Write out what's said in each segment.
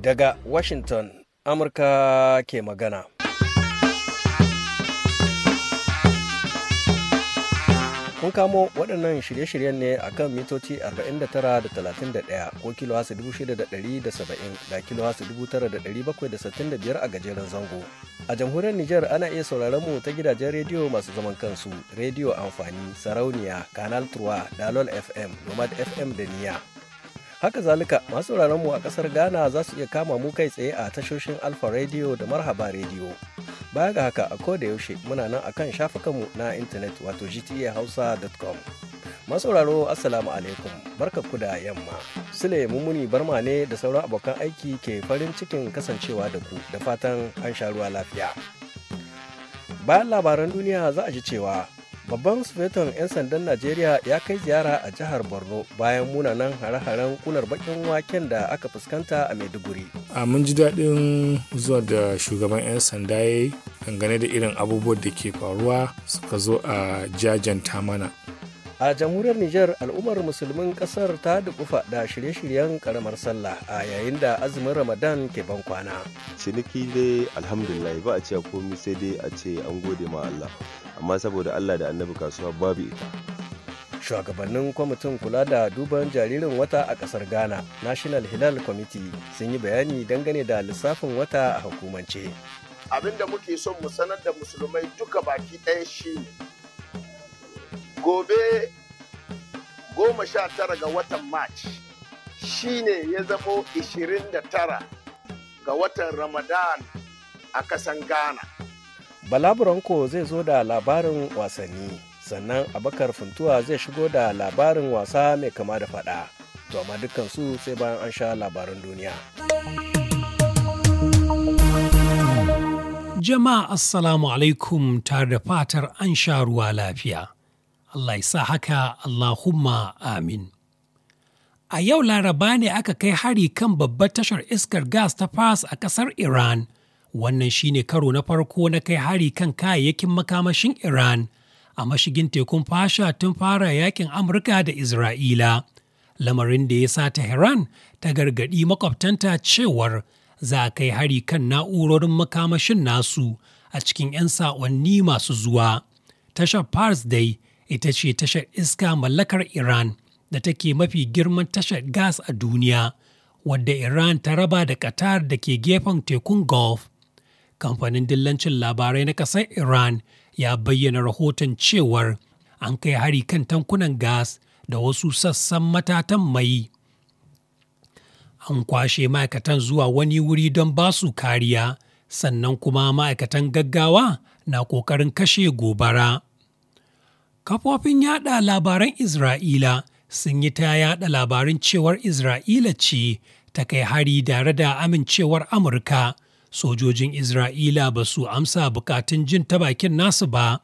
Daga Washington, Amurka ke magana. Kun kamo waɗannan shirye-shiryen ne a kan mitoci 49.31 ko kilohasa 6,170 da kilohasa 9,765 a gajeren zango. A jamhuriyar Nijar ana iya sauraron mu ta gidajen rediyo masu zaman kansu, rediyo amfani, sarauniya, kanal 3, dalol FM, nomad FM da niya. Haka zalika masu mu a kasar Ghana za su iya kama mu kai tsaye a tashoshin Alfa Radio da Marhaba Radio. Baya ga haka a koda yaushe muna nan akan shafukanmu na intanet wato gtahausa.com. Masu Masauraro Assalamu alaikum barka da yamma. Sule mummuni barma ne da sauran abokan aiki ke farin cikin kasancewa da ku da fatan an sha ruwa lafiya. Bayan labaran duniya za a ji cewa babban sufetan 'yan sandan najeriya ya kai ziyara a jihar borno bayan munanan hare-haren kunar bakin waken da aka fuskanta a maiduguri a mun ji daɗin zuwa da shugaban 'yan sanda ya yi dangane da irin abubuwan da ke faruwa suka zo a jajanta mana a jamhuriyar Nijar al'ummar musulmin ƙasar ta dukufa da shirye-shiryen karamar sallah a yayin da azumin Ramadan ke ban kwana. Ciniki dai alhamdulillah ba a ce komai sai dai a ce an gode ma Allah. amma saboda Allah da annabi kasuwa babu ita shugabannin kwamitin kula da duban jaririn wata a kasar ghana national hilal committee sun yi bayani dangane da lissafin wata a hukumance abin da muke son mu sanar da musulmai duka baki ɗaya shi gobe goma sha tara ga watan march ne ya zamo 29 ga watan ramadan a kasan ghana Bala zai zo da labarin wasanni, sannan Abakar Funtuwa zai shigo da labarin wasa mai kama da fada. To amma dukkansu sai bayan an sha labarin duniya. Jama'a Assalamu alaikum tare da fatar an sha ruwa lafiya. Allah ya sa haka Allahumma amin. A yau laraba ne aka kai hari kan babbar tashar iskar gas ta fas a ƙasar Iran. Wannan shine karo na farko na kai hari kan kayayyakin makamashin Iran a mashigin tekun fasha tun fara yakin Amurka da Isra'ila. Lamarin da ya sa Tehran ta gargaɗi makwabtanta cewar za a kai hari kan na'urorin makamashin nasu a cikin 'yan sa'onni masu zuwa. Tashar Pars dai ita ce tashar iska mallakar Iran da take mafi girman tashar gas a duniya, wadda Iran ta raba da Qatar da ke gefen tekun Gulf kamfanin dillancin labarai na ƙasar Iran ya bayyana rahoton cewar an kai hari kan tankunan gas da wasu sassan matatan mai. An kwashe ma'aikatan zuwa wani wuri don ba su kariya, sannan kuma ma'aikatan gaggawa na ƙoƙarin kashe gobara. Kafofin yada labaran Isra'ila sun yi ta yada labarin cewar Isra'ila ce ta kai hari tare da amincewar Amurka. sojojin Isra'ila ba su amsa bukatun jin ta bakin nasu ba.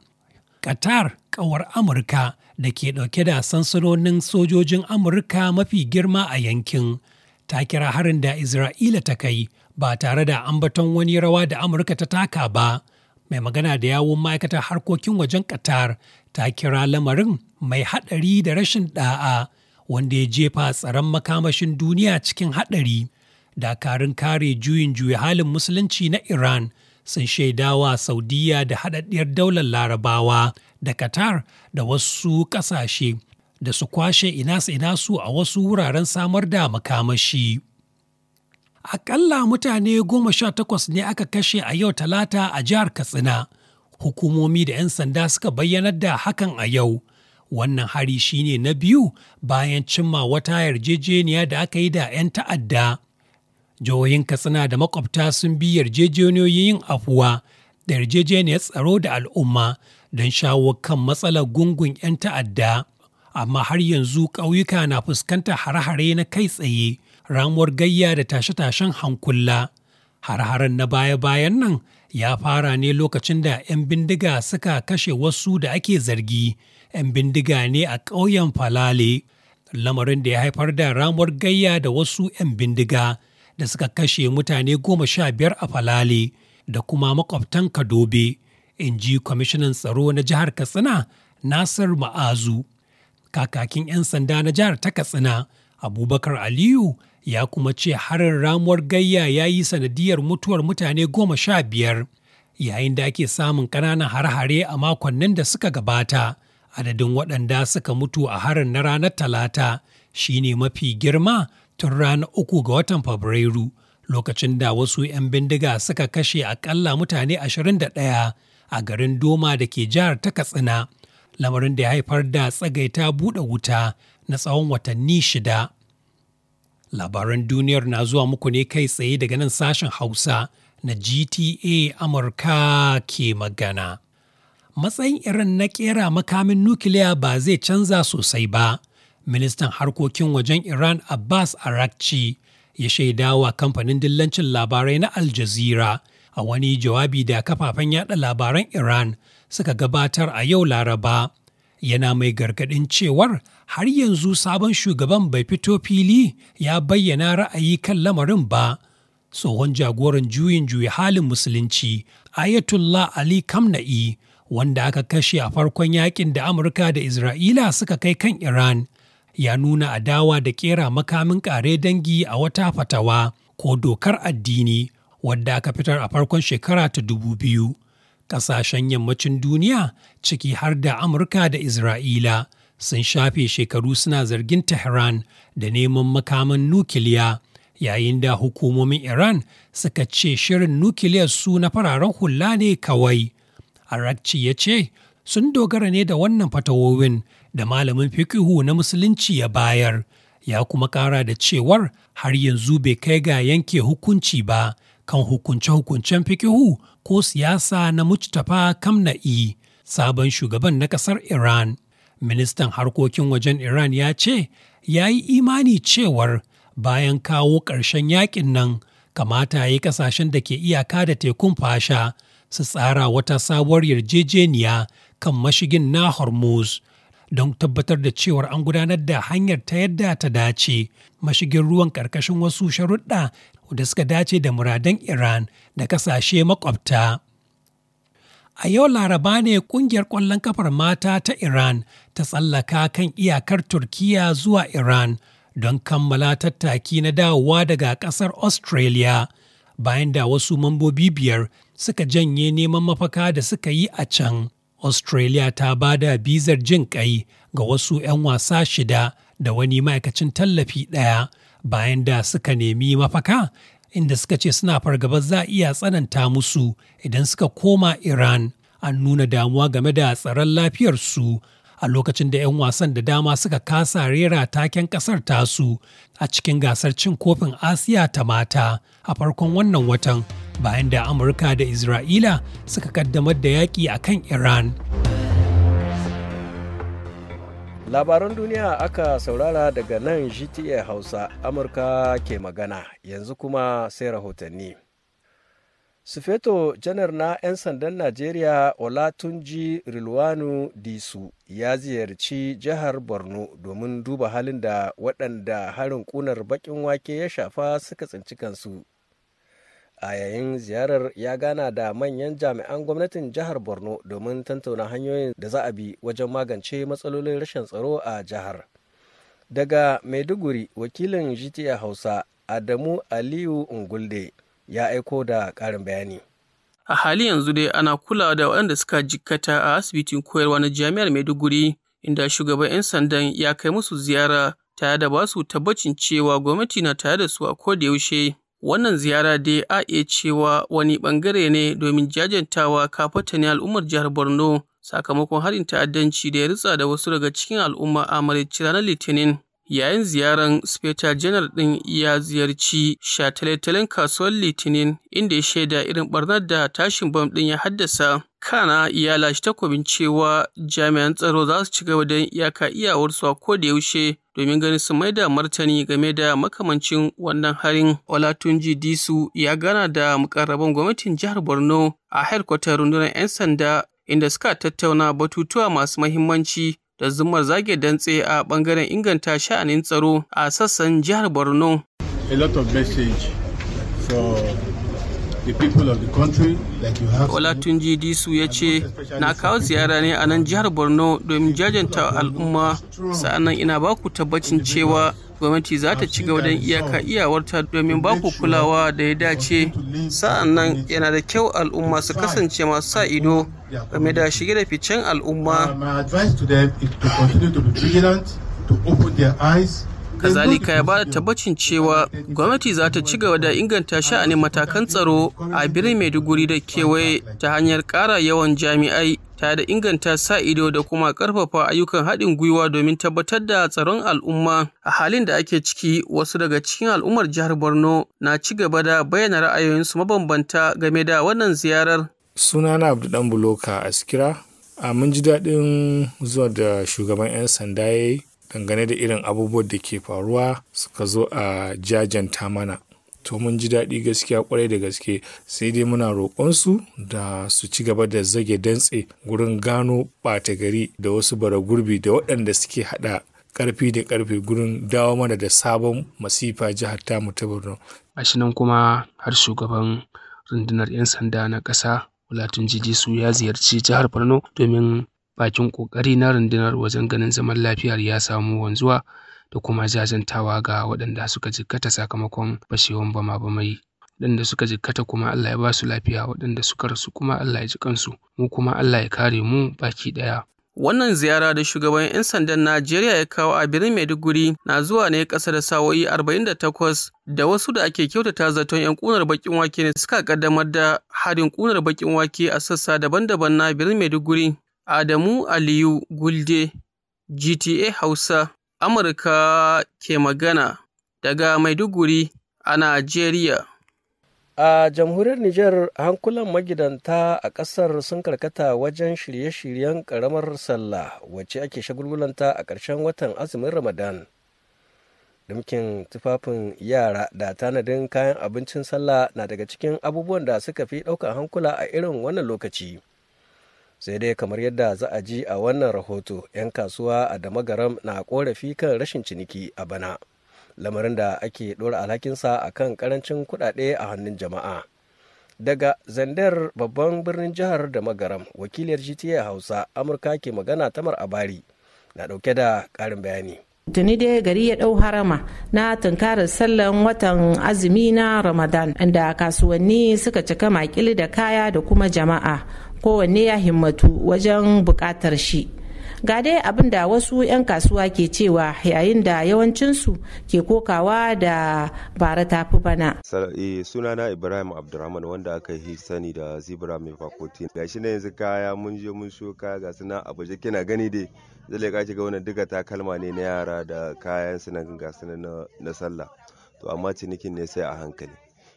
Qatar, ƙawar Amurka da ke ɗauke da sansanonin sojojin Amurka mafi girma a yankin, ta kira harin da Isra'ila ta kai ba tare da ambaton wani rawa da Amurka ta taka ba. Mai magana da yawon ma'aikatar harkokin wajen Qatar ta kira lamarin mai haɗari da rashin ɗa'a wanda ya jefa tsaron makamashin duniya cikin haɗari. dakarun kare juyin juya halin musulunci na Iran sun shaidawa Saudiya da haɗaɗɗiyar daular larabawa da Qatar da wasu ƙasashe da su kwashe inasu su a wasu wuraren samar da makamashi. Aƙalla mutane goma sha takwas ne aka kashe a yau talata a jihar Katsina. Hukumomi da 'yan sanda suka bayyanar da hakan a yau. Wannan hari shine na biyu bayan cimma wata yarjejeniya da aka yi da 'yan ta'adda. jihohin katsina da makwabta sun bi yarjejeniyoyin yin afuwa da yarjejeniyar tsaro da al'umma don shawo kan matsalar gungun 'yan ta'adda amma har yanzu ƙauyuka na fuskantar hare-hare na kai tsaye ramuwar gayya da tashe-tashen hankula hare-haren na baya-bayan nan ya fara ne lokacin da 'yan bindiga suka kashe wasu da ake zargi 'yan bindiga ne a ƙauyen falale lamarin da ya haifar da ramuwar gayya da wasu 'yan bindiga da suka kashe mutane goma sha biyar a falale da kuma makwabtan kadobe in ji kwamishinan tsaro na jihar katsina nasir ma'azu kakakin 'yan sanda na jihar ta katsina abubakar aliyu ya kuma ce harin ramuwar gayya ya yi sanadiyar mutuwar mutane goma sha biyar yayin da ake samun ƙananan har-hare a makonnin da suka gabata adadin waɗanda suka mutu a harin na ranar talata shine mafi girma tun ranar uku ga watan Fabrairu lokacin da wasu 'yan bindiga suka kashe akalla mutane 21 a garin Doma da ke jihar ta Katsina, lamarin da ya haifar da tsagaita buɗe wuta na tsawon watanni shida. Labaran duniyar na zuwa muku ne kai tsaye daga nan sashen Hausa na GTA Amurka ke magana. Matsayin irin na ƙera makamin nukiliya ba zai canza sosai ba. ministan harkokin wajen Iran Abbas Arakci ya shaida wa kamfanin dillancin labarai na Al Jazeera a wani jawabi da kafafen yada labaran Iran suka gabatar a yau Laraba. Yana mai gargadin cewar har yanzu sabon shugaban bai fito fili ya bayyana ra'ayi kan lamarin ba. Tsohon jagoran juyin juyi halin musulunci ayatullah Ali Kamna'i wanda aka kashe a farkon yakin da Amurka da Isra'ila suka kai kan Iran ya nuna adawa da kera makamin kare dangi a wata fatawa ko dokar addini wadda aka fitar a farkon shekara ta dubu biyu. Ƙasashen yammacin duniya ciki har da Amurka da Isra'ila sun shafe shekaru suna zargin Tehran da neman makamin nukiliya yayin da hukumomin Iran suka ce shirin nukiliyar su na fararen hula ne kawai. Arakci ya ce sun dogara ne da wannan fatawowin da malamin fikihu na musulunci ya bayar ya kuma kara da cewar har yanzu bai kai ga yanke hukunci ba kan hukunce-hukuncen fikihu ko siyasa na mujtafa kamna'i sabon shugaban na kasar iran ministan harkokin wajen iran ya ce ya yi imani cewar bayan kawo ƙarshen yakin nan kamata ya yi kasashen da ke iyaka da tekun fasha su tsara wata sabuwar yarjejeniya kan mashigin na Hormuz don tabbatar da cewar an gudanar da hanyar ta yadda ta dace mashigin ruwan ƙarƙashin wasu sharuɗa da suka dace da muradan Iran da ƙasashe makwabta. A yau laraba ne ƙungiyar ƙwallon kafar mata ta Iran ta tsallaka kan iyakar Turkiya zuwa Iran don kammala tattaki na dawowa daga ƙasar Australia bayan da wasu mambobi biyar suka janye neman mafaka da suka yi a can. Australia ta ba da bizar jin ƙai ga wasu 'yan wasa shida da wani ma'aikacin tallafi ɗaya bayan da suka nemi mafaka inda suka ce suna fargaba za iya tsananta musu idan suka koma Iran. An nuna damuwa game da tsaron lafiyarsu a lokacin da 'yan wasan da dama suka kasa rera taken kasar tasu a cikin gasar cin kofin asiya ta mata a farkon wannan watan bayan da amurka da isra'ila suka kaddamar da yaƙi a kan iran labaran duniya aka saurara daga nan gta hausa amurka ke magana yanzu kuma sai rahotanni sufeto janar na 'yan sandan najeriya olatunji rilwanu disu ya ziyarci jihar borno domin duba halin da waɗanda harin ƙunar baƙin wake ya shafa suka tsinci kansu a yayin ziyarar ya gana da manyan jami'an gwamnatin jihar borno domin tantauna hanyoyin da za a bi wajen magance matsalolin rashin tsaro a jihar daga maiduguri wakilin gta hausa adamu aliyu ungulde ya aiko da ƙarin bayani. A hali yanzu dai ana kulawa da waɗanda suka jikkata a asibitin koyarwa na jami'ar Maiduguri inda shugaban 'yan sandan ya kai musu ziyara tare da basu tabbacin cewa gwamnati na tare da su a ko da yaushe. Wannan ziyara dai a iya cewa wani bangare ne domin jajantawa kafata ne al'ummar jihar Borno sakamakon harin ta'addanci da ya ritsa da wasu daga cikin al'umma a maraicin ranar Litinin. Yayin ziyarar, Speta Janar ɗin ya ziyarci shataletalen Kasuwar Litinin, inda ya shaida irin barnar da tashin bom ɗin ya haddasa. Kana ya lashe takobin cewa jami'an tsaro za su ci gaba da iyaka iyawarsu a yaushe, domin ganin su da martani game da makamancin wannan harin. Olatunji Disu ya gana da mukarraban gwamnatin jihar Borno a hedkwatar rundunar 'yan sanda inda suka tattauna batutuwa masu mahimmanci da zumar zage dantse a bangaren inganta sha'anin tsaro a sassan jihar borno a lot of message Disu ya ce, Na kawo ziyara ne a nan jihar Borno domin jajanta al'umma, sa'annan ina baku tabbacin cewa gwamnati za ta ci gaba don iyaka iyawarta domin baku kulawa da ya dace sa'an nan yana da kyau al'umma su kasance masu sa ido game da shige da ficen al'umma uh, to open their eyes kazalika ya bada tabbacin cewa gwamnati za ta ci gaba da inganta sha'anin matakan tsaro a birnin maiduguri da kewaye ta hanyar ƙara yawan jami'ai ta da inganta sa ido da kuma ƙarfafa ayyukan haɗin gwiwa domin tabbatar da tsaron al'umma a halin da ake ciki wasu daga cikin al'ummar jihar borno na ci gaba da bayyana ra'ayoyinsu mabambanta game da wannan ziyarar sunana abdu dan buloka askira a mun ji daɗin zuwa da shugaban 'yan sanda ya yi dangane da irin abubuwan da ke faruwa suka zo a jajanta mana to mun ji daɗi gaskiya kwarai da gaske sai dai muna roƙonsu da su ci gaba da zage dantse gurin gano ɓata gari da wasu bara gurbi da waɗanda suke haɗa ƙarfi da ƙarfe gurin dawo mana da sabon masifa jihar tamu ta borno a shinan kuma har shugaban rundunar 'yan sanda na ƙasa wulatun jiji su ya ziyarci jihar Borno domin bakin ƙoƙari na rundunar wajen ganin zaman lafiyar ya samu wanzuwa da kuma jajantawa ga waɗanda suka jikkata sakamakon fashewan bama-bamai. waɗanda suka jikkata kuma Allah ya ba lafiya waɗanda suka rasu kuma Allah ya ji kansu mu kuma Allah ya kare mu baki ɗaya. Wannan ziyara da shugaban 'yan sandan Najeriya ya kawo a birnin Maiduguri na zuwa ne ƙasa da sa'o'i 48 da wasu da ake kyautata zaton 'yan kunar bakin wake ne suka ƙaddamar da harin ƙunar bakin wake a sassa daban-daban na birnin Maiduguri. Adamu Aliyu Gulde GTA Hausa, Amurka ke magana daga Maiduguri a Najeriya. A jamhuriyar Nijar, hankulan magidanta a ƙasar sun karkata wajen shirye-shiryen ƙaramar sallah wacce ake shagulgulanta a ƙarshen watan azumin Ramadan. Dumkin tufafin yara da tanadin kayan abincin sallah na daga cikin abubuwan da suka fi ɗaukar hankula a irin wannan lokaci. sai dai kamar yadda za a ji a wannan rahoto 'yan kasuwa a damagaram na korafi kan rashin ciniki a bana lamarin da ake ɗora alhakinsa a kan karancin kuɗaɗe a hannun jama'a daga zandar babban birnin jihar da magaram wakiliyar gta hausa amurka ke magana tamar abari na dauke da karin bayani tuni dai gari ya ɗau harama na tunkarar sallan watan azumi na ramadan inda kasuwanni suka cika makili da kaya da kuma jama'a kowanne ya himmatu wajen bukatar shi ga dai abin da wasu 'yan kasuwa ke cewa yayin da yawancinsu ke kokawa da bara tafi bana. Eh, sunana ibrahim abdurrahman wanda aka yi sani da zibra mai fakoti ga shi na yanzu kaya mun je mun so kaya ga suna abuja kina gani dai zai ka ga wannan duka takalma ne na yara da kayan suna ga na sallah to amma cinikin ne sai a hankali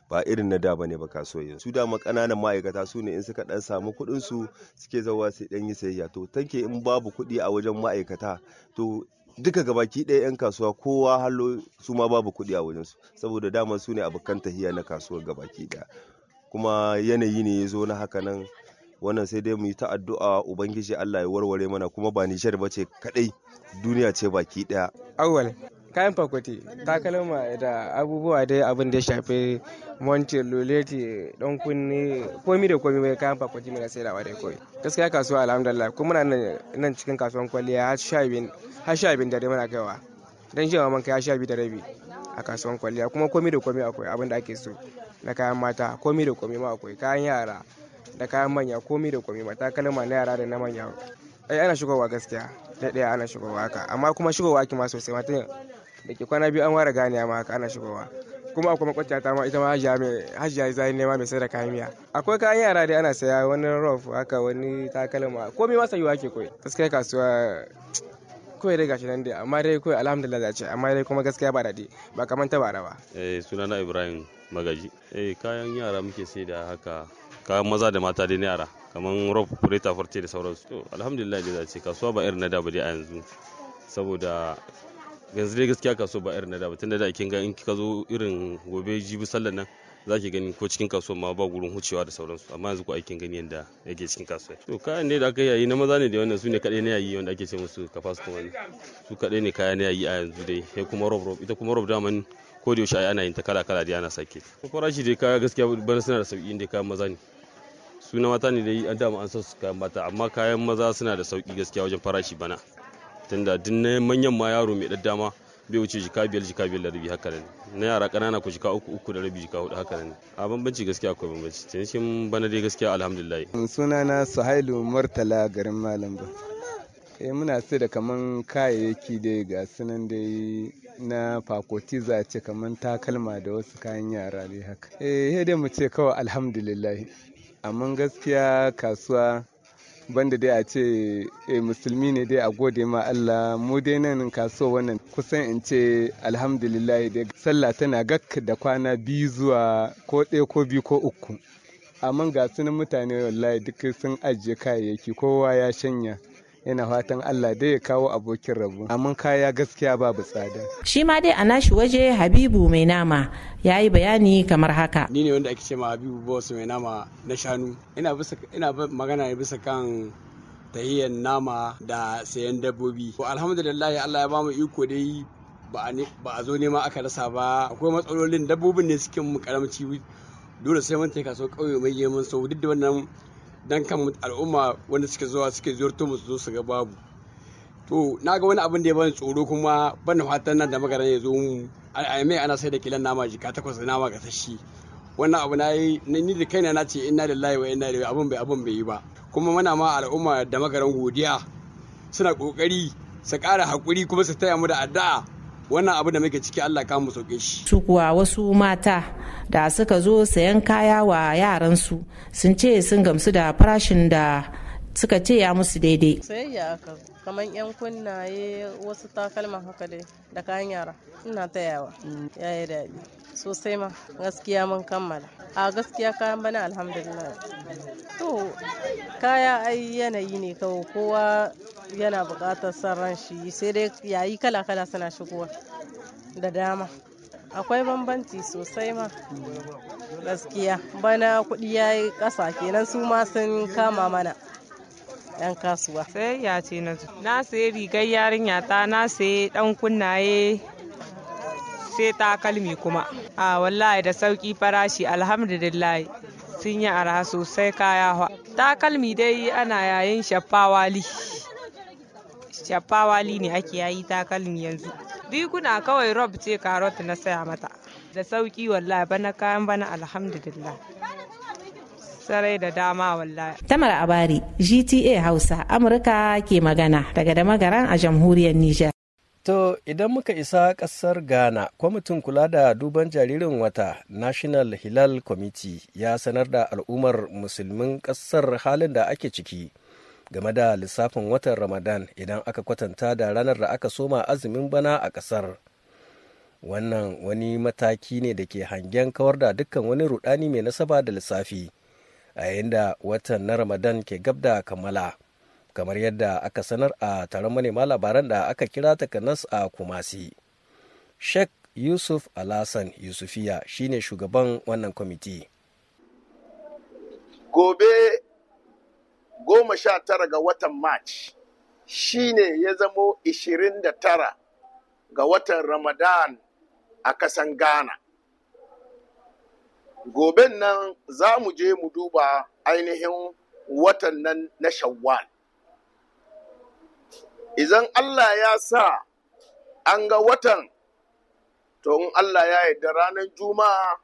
ba irin na da bane ba kasuwa su dama ƙananan ma'aikata su ne in suka dan samu kuɗin su suke zawa sai dan yi sayayya to tanke in babu kuɗi a wajen ma'aikata to duka gabaki ɗaya 'yan kasuwa kowa hallo su ma babu kuɗi a wajensu saboda dama su ne abokan tahiya na kasuwar gabaki ɗaya kuma yanayi ne ya zo na haka nan wannan sai dai mu yi ta addu'a ubangiji Allah ya warware mana kuma ba nishar ba ce kadai duniya ce baki ɗaya kayan fakwati takalma da abubuwa dai abin da ya shafi montir luleti don kunne komi da komi mai kayan fakwati mai sai dai kawai gaskiya kasuwa alhamdulillah kuma muna nan cikin kasuwan kwalliya har sha biyu har sha dare muna kaiwa dan jiya man kai sha biyu da rabi a kasuwan kwalliya kuma komi da komi akwai abin da ake so na kayan mata komi da komi ma akwai kayan yara da kayan manya komi da komi ma kalama na yara da na manya ai eh, ana shigowa gaskiya daɗaya ana shigowa haka amma kuma shigowa ki ma sosai mata da ke kwana biyu an ware ganiya ma haka ana shigowa kuma akwai makwabciya ta ma ita ma hajiya zai nema mai sai da kayan miya akwai kayan yara dai ana saya wani rof haka wani takalma komai ma sayuwa ke koyi gaskiya kasuwa kawai dai gashi nan dai amma dai kawai alhamdulillah za ce amma dai kuma gaskiya ba daɗi ba kamar ta bara ba eh sunana ibrahim magaji eh kayan yara muke sai da haka kayan maza da mata dai na yara kamar rob kureta forte da sauransu to alhamdulillah da za ce kasuwa ba irin na da ba dai a yanzu saboda yanzu dai gaskiya kasuwa ba irin na da ba tunda da kin ga in kika zo irin gobe jibi sallan nan zaki gani ko cikin kasuwa ma ba gurin hucewa da sauransu amma yanzu ko aikin gani yanda yake cikin kasuwa to kayan ne da aka yayi na maza ne da wannan kadai ne yayi wanda ake ce musu kafas ko wani su kadai ne kaya na yayi a yanzu dai sai kuma rob rob ita kuma rob daman ko da yaushe ana yin ta kala kala dai ana sake farashi dai kaya gaskiya ban suna da sauki inda kayan maza ne suna mata ne dai an dama an san su kayan mata amma kayan maza suna da sauki gaskiya wajen farashi bana tunda duk na manyan ma yaro mai dan dama bai wuce jika biyar jika biyar da rabi haka ne na yara ƙanana ku jika uku uku da rabi jika hudu haka ne a bambanci gaskiya akwai bambanci cikin bana dai gaskiya alhamdulillah na suhailu murtala garin malam ba eh muna sai da kaman kayayyaki dai ga sunan dai na fakoti za ce kaman takalma da wasu kayan yara dai haka eh dai mu ce kawai alhamdulillah amma gaskiya kasuwa banda dai a ce eh, musulmi ne dai a gode ma Allah mu dai nan kasuwa wannan kusan in ce alhamdulillah dai sallah tana gak da kwana biyu zuwa ko ɗaya ko biyu ko uku amma ga sunan mutane wallahi duk sun ajiye kayayyaki kowa ya shanya yana fatan Allah dai ya kawo abokin rabu amma kaya gaskiya babu tsada shi ma dai a nashi waje Habibu mai nama ya yi bayani kamar haka ni ne wanda ake ce ma Habibu boss mai nama na shanu ina magana ne bisa kan tahiyyar nama da sayan dabbobi to alhamdulillah Allah ya bamu iko dai ba a zo nema aka rasa ba akwai matsalolin dabbobin ne suke mu karamci dole sai mun taika kauye mai yemin so duk da wannan Don kan al'umma wanda suke zuwa suke ziyarto mu zo su ga babu to na ga wani abin da ya bani tsoro kuma ban fatan nan da magana ya zo mu a mai ana sai da kilan nama jika takwas da nama gasashi wannan abu na yi ni da kaina na ce inna lillahi wa inna da abin bai abin bai yi ba kuma muna ma al'umma da magaran godiya suna kokari su kara hakuri kuma su taya mu da addu'a wannan abu da muke ciki Allah ka mu sauke shi su kuwa wasu mata da suka zo sayan kaya wa yaran su sun ce sun gamsu da farashin da suka ce ya musu daidai sayayya aka kamar yan kunnaye wasu takalman haka dai da kayan yara ina tayawa ya yi daɗi sosai ma gaskiya mun kammala a gaskiya kayan bana alhamdulillah to kaya ai yanayi ne kawai kowa yana buƙatar son ran shi sai dai yayi kala-kala suna shigowa da dama akwai bambanci sosai ma gaskiya bana kuɗi ya yi ƙasa kenan su ma sun kama mana yan kasuwa sai ya ce na na sayi rigar yarinya ta na sayi ɗan kunnaye sai takalmi kuma a wallahi da sauƙi farashi alhamdulillah sun yi arha sosai kaya takalmi dai ana yayin shafawali shafawali ne ake yayi takalmi yanzu riguna kawai rob ce karot na saya mata da sauki wallahi bana kayan bana alhamdulillah sarai da dama wallahi tamar abari gta hausa amurka ke magana daga da magaran a jamhuriyar niger To idan muka isa ƙasar Ghana, kwamitin kula da duban jaririn wata National Hilal Committee ya sanar da al'ummar musulmin ƙasar halin da ake ciki game da lissafin watan Ramadan idan aka kwatanta da ranar da aka soma azumin bana a ƙasar. Wannan wani mataki ne da ke hangen kawar da dukkan wani rudani mai nasaba da lissafi a yayin da watan na Ramadan ke gab da kammala. kamar yadda aka sanar a taron manema labaran da aka kira takanas a kumasi sheikh yusuf alasan yusufiya shine shugaban wannan kwamiti gobe goma sha tara ga watan march ne ya zamo ishirin da tara ga watan ramadan a kasan ghana goben nan za mu je mu duba ainihin watan nan na shawwal izan allah ya sa an ga watan to in allah ya yarda ranar juma'a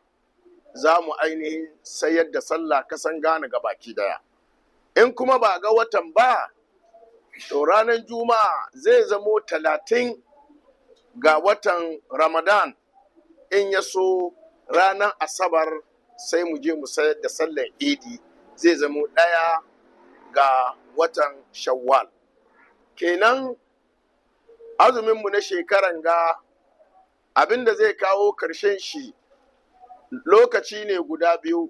za mu ainihin sayar da sallah kasan gane ga baki daya in kuma ba ga watan ba to ranar juma'a zai zamo talatin ga watan ramadan in ya so ranar asabar sai mu je mu sayar da sallar idi zai zamo ɗaya ga watan shawwal kenan azuminmu na shekaran ga abinda zai kawo ƙarshen shi lokaci ne guda biyu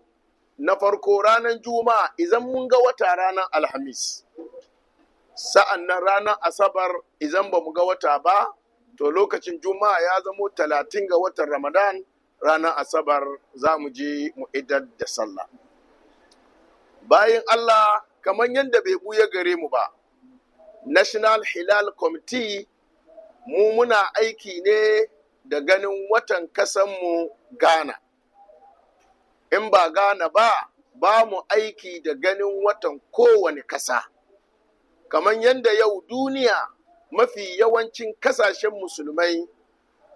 na farko ranar juma'a idan mun ga wata ranar alhamis sa'an nan ranar asabar idan ba mu ga wata ba to lokacin juma'a ya zamo talatin ga watan ramadan ranar asabar za mu je mu idar da sallah bayan allah kamar yadda bai buya gare mu ba national hilal committee mu muna aiki ne da ganin watan kasanmu ghana in ba Ghana ba ba mu aiki da ganin watan kowane ƙasa. Kamar yadda yau duniya mafi yawancin kasashen musulmai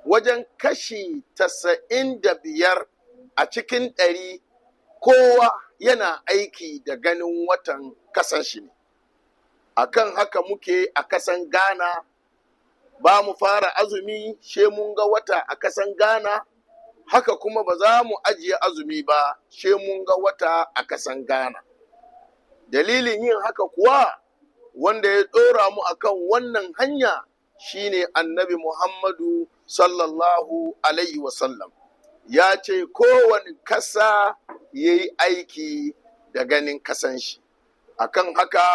wajen kashi tasa'in da biyar a cikin ɗari kowa yana aiki da ganin watan kasan shi A kan haka muke a kasan Ghana ba mu fara azumi shemun mun ga wata a kasan Ghana haka kuma ba za mu ajiye azumi ba she mun ga wata a kasan Ghana. Dalilin yin haka kuwa wanda ya ɗora mu a kan wannan hanya shi ne annabi Muhammadu sallallahu alaihi wasallam ya ce kowane kasa ya yi aiki da ganin kasan shi. A kan haka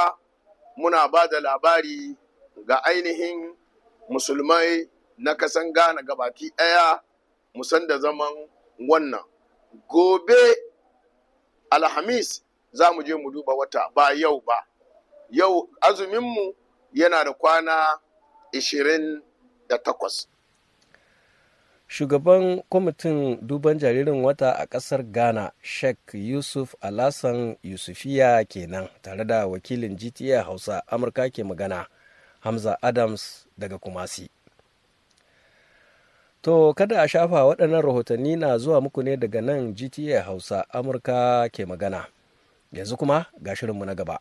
muna ba da labari ga ainihin musulmai na kasan Ghana gabaki ɗaya. musan da zaman wannan gobe alhamis za mu je mu duba wata ba yau ba yau azuminmu yana da kwana 28 shugaban kwamitin duban jaririn wata a ƙasar ghana sheikh yusuf alasan yusufiya kenan tare da wakilin gta hausa amurka ke magana hamza adams daga kumasi To kada a shafa waɗannan rahotanni na zuwa muku ne daga nan GTA Hausa Amurka ke magana. Yanzu kuma ga shirinmu na gaba.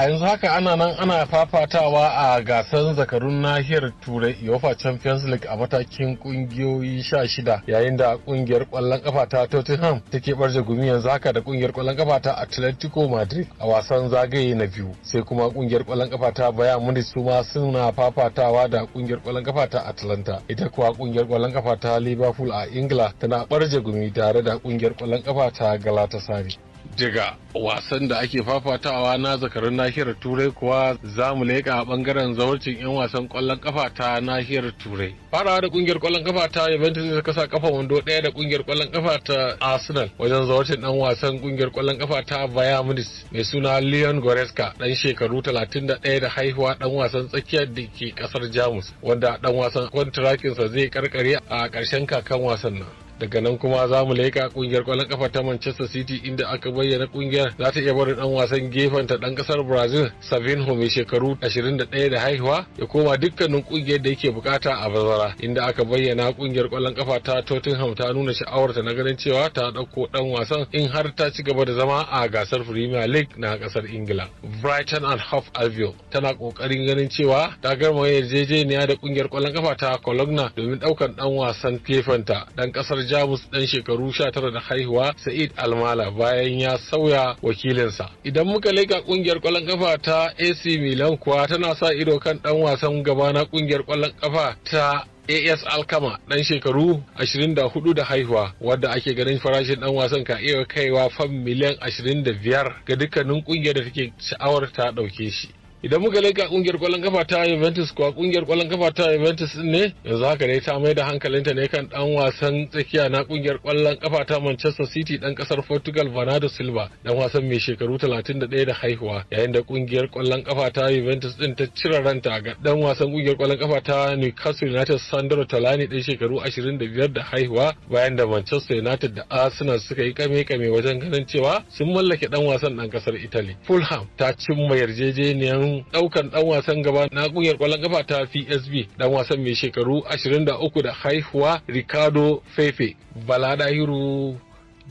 a yanzu haka ana nan ana fafatawa a gasar zakarun nahiyar turai yofa champions league a matakin kungiyoyi sha shida yayin da kungiyar kwallon kafa ta tottenham take barje gumi yanzu haka da kungiyar kwallon kafa ta atletico madrid a wasan zagaye na biyu sai kuma kungiyar kwallon kafa ta bayan munich su suna fafatawa da kungiyar kwallon kafa ta atlanta ita kuwa kungiyar kwallon kafa ta liverpool a ingila tana barje gumi tare da kungiyar kwallon kafa ta galatasaray daga wasan da ake fafatawa na zakarun nahiyar turai kuwa za mu leƙa a ɓangaren zawarcin 'yan wasan ƙwallon kafa ta nahiyar turai farawa da ƙungiyar ƙwallon kafa ta juventus ta kasa kafa wando ɗaya da ƙungiyar ƙwallon kafa ta arsenal wajen zawarcin ɗan wasan ƙungiyar ƙwallon kafa ta bayern munich mai suna leon goreska ɗan shekaru talatin da ɗaya da haihuwa ɗan wasan tsakiyar da ke ƙasar jamus wanda ɗan wasan kwantirakinsa zai karkare a ƙarshen kakan wasan nan daga nan kuma za mu leka kungiyar kwallon kafa ta manchester city inda aka bayyana kungiyar za ta iya barin dan wasan gefen ta dan kasar brazil savinho mai shekaru 21 da haihuwa ya koma dukkanin kungiyar da yake bukata a bazara inda aka bayyana kungiyar kwallon kafa ta tottenham ta nuna sha'awar ta na ganin cewa ta dauko dan wasan in har ta ci gaba da zama a gasar premier league na kasar ingila brighton and half albion tana kokarin ganin cewa ta garma yarjejeniya da kungiyar kwallon kafa ta cologne domin daukan dan wasan gefen ta dan kasar Jamus ɗan shekaru 19 da haihuwa Sa'id Almala bayan ya sauya wakilinsa. Idan muka leka ƙungiyar kwallon ƙafa ta AC Milan kuwa tana sa ido kan ɗan wasan gaba na kungiyar kwallon kafa ta AS Alkama ɗan shekaru 24 da haihuwa wadda ake ganin farashin ɗan wasan ka iya kaiwa fam miliyan 25 ga dukkanin ƙungiyar da take sha'awar ta ɗauke shi. idan muka leka kungiyar kwallon kafa ta Juventus kuwa kungiyar kwallon kafa ta Juventus ne yanzu haka ne ta mai da hankalinta ne kan ɗan wasan tsakiya na kungiyar kwallon kafa ta Manchester City dan kasar Portugal Bernardo Silva dan wasan mai shekaru 31 da haihuwa yayin da kungiyar kwallon kafa ta Juventus din ta cire ranta ga dan wasan kungiyar kwallon kafa ta Newcastle United Sandro Talani dan shekaru 25 da haihuwa bayan da Manchester United da Arsenal suka yi kame-kame wajen ganin cewa sun mallake dan wasan dan kasar Italy Fulham ta cimma yarjejeniyar daukan dan wasan gaba na kungiyar kwallon kafa ta PSV dan wasan mai shekaru 23 da haihuwa Ricardo Fefe Balada Hiru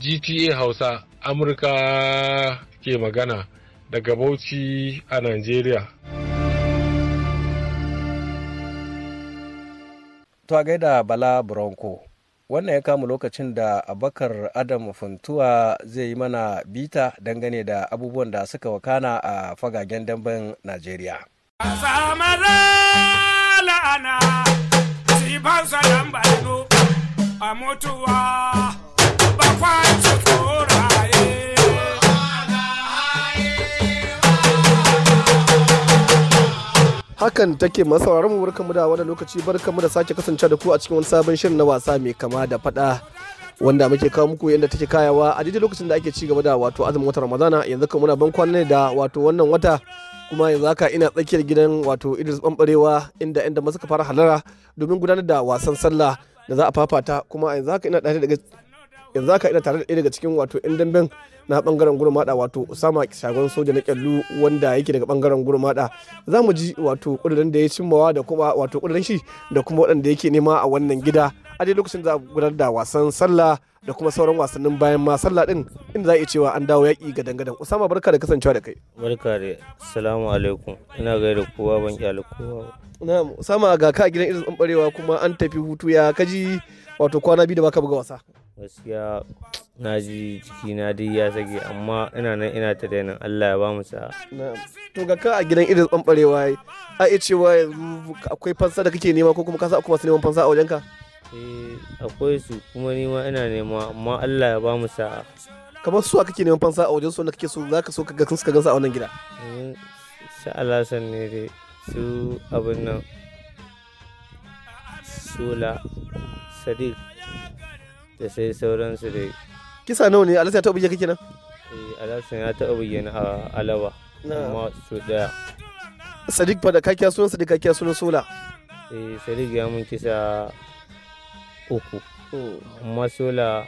GTA Hausa Amurka ke magana daga Bauchi a nigeria. To a gaida Bala Bronco. wannan ya kama lokacin da abakar adam funtuwa zai yi mana bita dangane da abubuwan da suka wakana a fagagen damben najeriya a mutuwa hakan take masauraran mu barkamu da wani lokaci mu da sake kasance da ku a cikin wani sabon shirin na wasa mai kama da fada wanda muke kawo muku yadda take kayawa a daidai lokacin da ake ci gaba da wato azumin watan ramadana yanzu kuma muna ban kwana ne da wato wannan wata kuma yanzu haka ina tsakiyar gidan wato idris bambarewa inda inda masu fara halara domin gudanar da wasan sallah da za a fafata kuma yanzu haka ina tare daga yanzu haka ina tare da daga cikin wato indan damben na bangaren gurmada wato Usama Shagon Soja na Kyallu wanda yake daga bangaren gurmada za mu ji wato kudirin da ya cimmawa da kuma wato kudirin shi da kuma waɗanda yake nema a wannan gida a dai lokacin za a gudanar da wasan sallah da kuma sauran wasannin bayan ma sallah din inda za a iya cewa an dawo yaƙi ga dangadan usama barka da kasancewa da kai barka da salamu alaikum ina gaida kowa ban kyale kowa na'am osama ga ka gidan irin tsambarewa kuma an tafi hutu ya kaji wato kwana biyu da baka buga wasa gaskiya na ji jikina duk ya sage amma ina nan ina ta daina Allah ya ba mu sa'a to ga ka a gidan irin bambarewa a ce cewa akwai fansa da kake nema ko kuma ka sa su neman fansa a wajenka eh akwai su kuma nima ina nema amma Allah ya ba mu sa'a kamar su kake neman fansa a wajen su wanda kake so zaka so ka ga sun suka gansa a wannan gida eh, Allah san ne dai su abin nan sula sadiq da sai sauransu dai kisa nawa ne alasan ya taɓa bige kake nan eh ya taɓa bige a alaba amma su daya sadiq fa da kakiya sunan sadiq kakiya sunan sola eh sadiq ya mun kisa uku oh. amma sola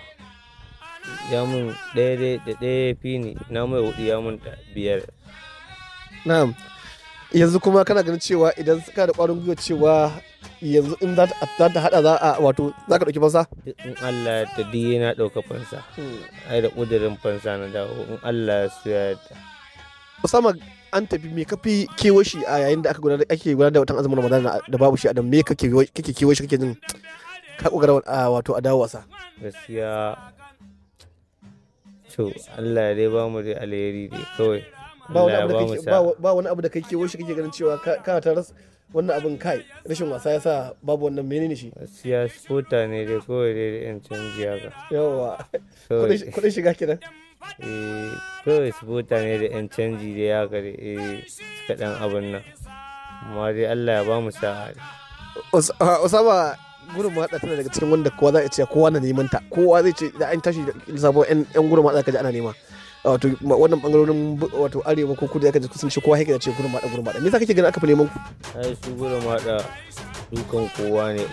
ya mun ɗaya da ɗaya fini na mai hudu ya mun biyar na'am yanzu kuma kana ganin cewa idan suka da ƙwarin gwiwa cewa yanzu in za ta hada za a wato za ka ɗauki fansa? in Allah ta diye na ɗauka fansa hmm. ai da ƙudurin fansa na dawo in Allah su ya yadda. Usama an tafi me kafi kewashi a yayin da aka gudanar ake gudanar da watan azumin Ramadan da babu shi a dan me kake kake kake jin ka kokara wato a dawo wasa gaskiya to Allah ya dai ba mu da alheri dai kawai ba wani abu da kake ba wani abu da kake wani shi kake ganin cewa ka ta ras wannan abin kai rashin wasa ya sa babu wannan menene shi siya spota ne da kowai dai in canji haka yawa kudin shiga kenan eh kawai spota ne da yan canji da ya gari eh, kaɗan abin nan amma dai Allah ya ba mu sa'a Osama ah, gurin matsa tana daga cikin wanda kowa za a ce kowa na neman ta kowa zai ce da an tashi da sabo yan gurin matsa kaji ana nema wato wannan bangarorin wato arewa ko kudu ya kaji kusan kowa yake da ce gurmada gurmada me yasa kake ganin aka fi neman ku ai su mada dukan kowa ne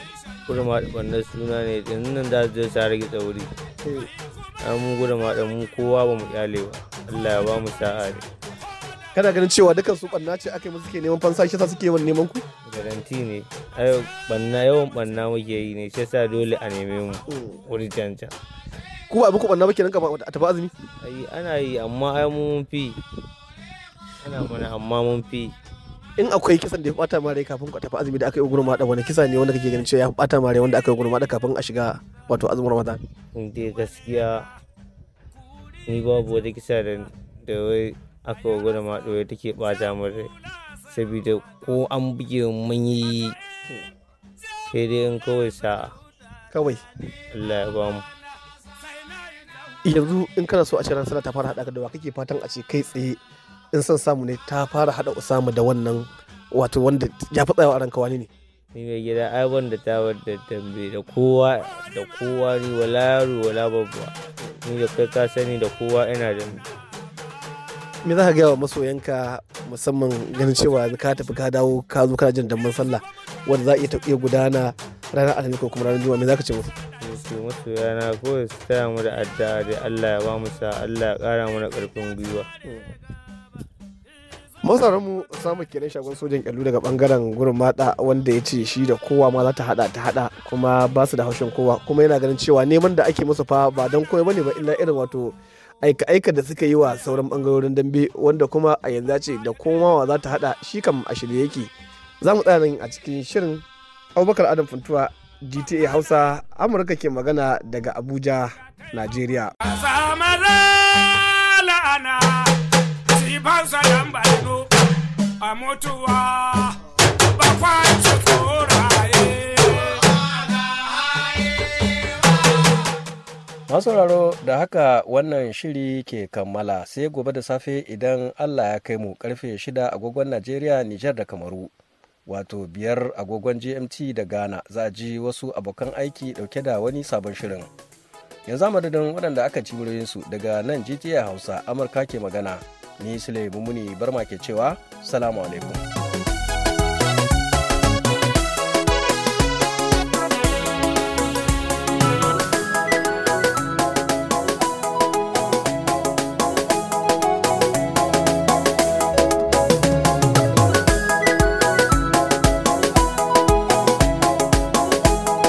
mada bannan suna ne din nan da zai sa rage tsauri eh. ai mu mada mu kowa ba mu kyale ba Allah ya ba mu sa'a ne kana ganin cewa dukkan su banna ce aka yi musu ke neman fansa shi yasa suke yawan neman ku garanti ne ai banna yawan banna muke yi ne shi yasa dole a neme mu mm. wuri janja. ku ba muku banna ba kenan kafin a tafi azumi ai ana yi amma ai mun fi ana mana amma mun fi in akwai kisan da ya bata mare kafin ka tafi azumi da aka yi gurma da wani kisa ne wanda kake ganin cewa ya bata mare wanda aka yi gurma da kafin a shiga wato azumin ramadan inda gaskiya ni babu wata kisa da da wai aka yi gurma da wai take bata mare saboda ko an buge mun yi sai dai in kawai sa'a kawai Allah ya ba mu yanzu in kana so a ce ransana ta fara haɗa ka da wa kake fatan a ce kai tsaye in san samu ne ta fara haɗa usama da wannan wato wanda ya fi tsayawa a ranka wani ne ni mai gida ai wanda ta wadda dambe da kowa da kowa ni wala yaro wala babba ni da kai ka sani da kowa ina ni me za ka gaya wa masoyanka musamman ganin cewa ka tafi ka dawo ka zo kana jin damban sallah wanda za a iya gudana ranar alhamis ko kuma ranar juma'a me za ka ce musu su masoyana ko su taya mu da addu'a da Allah ya ba mu sa Allah ya kara mana karfin gwiwa. masarar mu samun kenan shagon sojan kyallu daga bangaren gurin mata wanda ya ce shi da kowa ma za ta hada ta hada kuma ba su da haushin kowa kuma yana ganin cewa neman da ake musu fa ba don koya bane ba illa irin wato aika aika da suka yi wa sauran bangarorin dambe wanda kuma a yanzu ce da kowa za ta hada shi kam a shirye yake za mu tsaya nan a cikin shirin abubakar adam funtuwa GTA Hausa Amurka ke magana daga Abuja, Najeriya. raro da haka wannan shiri ke kammala sai gobe da safe idan Allah ya kai mu karfe shida agogon Najeriya, Nijar da Kamaru. wato biyar agogon gmt da ghana za a ji wasu abokan aiki dauke da wani sabon shirin yanzu madadin waɗanda aka ci su daga nan gta hausa amurka ke magana ni sule mummuni barma ke cewa salamu alaikum